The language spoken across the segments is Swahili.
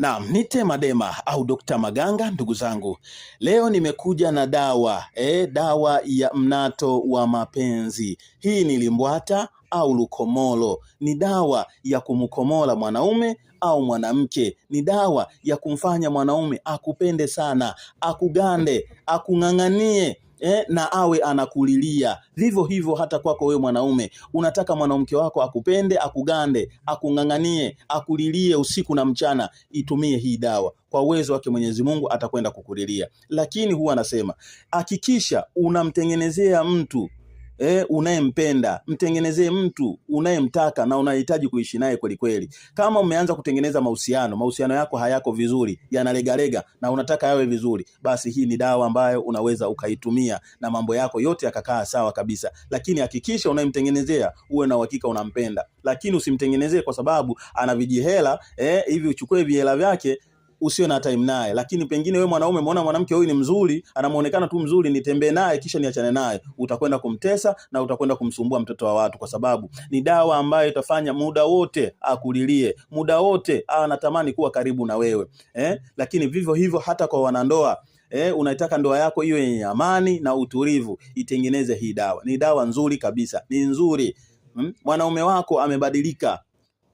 Naam, ni Madema au dokta Maganga. Ndugu zangu, leo nimekuja na dawa e, dawa ya mnato wa mapenzi. Hii ni limbwata au lukomolo. Ni dawa ya kumkomola mwanaume au mwanamke. Ni dawa ya kumfanya mwanaume akupende sana, akugande, akung'ang'anie eh, na awe anakulilia. Vivyo hivyo hata kwako wewe mwanaume, unataka mwanamke wako akupende, akugande, akung'ang'anie, akulilie usiku na mchana, itumie hii dawa kwa uwezo wake Mwenyezi Mungu atakwenda kukulilia. Lakini huwa anasema hakikisha unamtengenezea mtu eh, unayempenda mtengenezee mtu unayemtaka na unahitaji kuishi naye kweli kweli. Kama umeanza kutengeneza mahusiano, mahusiano yako hayako vizuri, yanalegalega na unataka yawe vizuri, basi hii ni dawa ambayo unaweza ukaitumia na mambo yako yote yakakaa sawa kabisa. Lakini hakikisha unayemtengenezea uwe na uhakika unampenda, lakini usimtengenezee kwa sababu ana vijihela eh, hivi uchukue vihela vyake usiwe na time naye, lakini pengine wewe mwanaume umeona mwanamke huyu ni mzuri, anamuonekana tu mzuri, nitembee naye kisha niachane naye, utakwenda kumtesa na utakwenda kumsumbua mtoto wa watu, kwa sababu ni dawa ambayo itafanya muda wote akulilie, muda wote anatamani kuwa karibu na wewe eh? Lakini vivyo hivyo hata kwa wanandoa Eh, unaitaka ndoa yako iwe yenye amani na utulivu, itengeneze hii dawa. Ni dawa nzuri kabisa, ni nzuri. Hmm? Mwanaume wako amebadilika,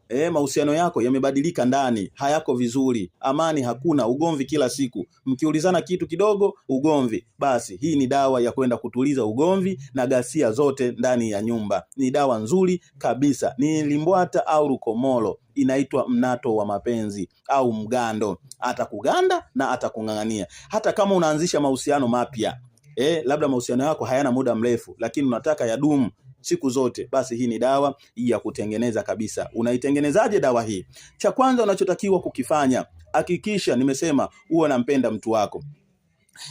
E, mahusiano yako yamebadilika ndani, hayako vizuri, amani hakuna, ugomvi kila siku, mkiulizana kitu kidogo ugomvi. Basi hii ni dawa ya kwenda kutuliza ugomvi na ghasia zote ndani ya nyumba. Ni dawa nzuri kabisa, ni limbwata au rukomolo, inaitwa mnato wa mapenzi au mgando. Atakuganda na atakung'ang'ania, hata kama unaanzisha mahusiano mapya. E, labda mahusiano yako hayana muda mrefu, lakini unataka yadumu siku zote, basi hii ni dawa ya kutengeneza kabisa. Unaitengenezaje dawa hii? Cha kwanza unachotakiwa kukifanya, hakikisha nimesema uwe unampenda mtu wako.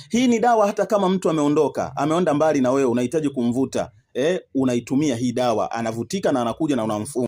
Hii ni dawa, hata kama mtu ameondoka, ameonda mbali na wewe, unahitaji kumvuta eh, unaitumia hii dawa, anavutika na anakuja na unamfunga.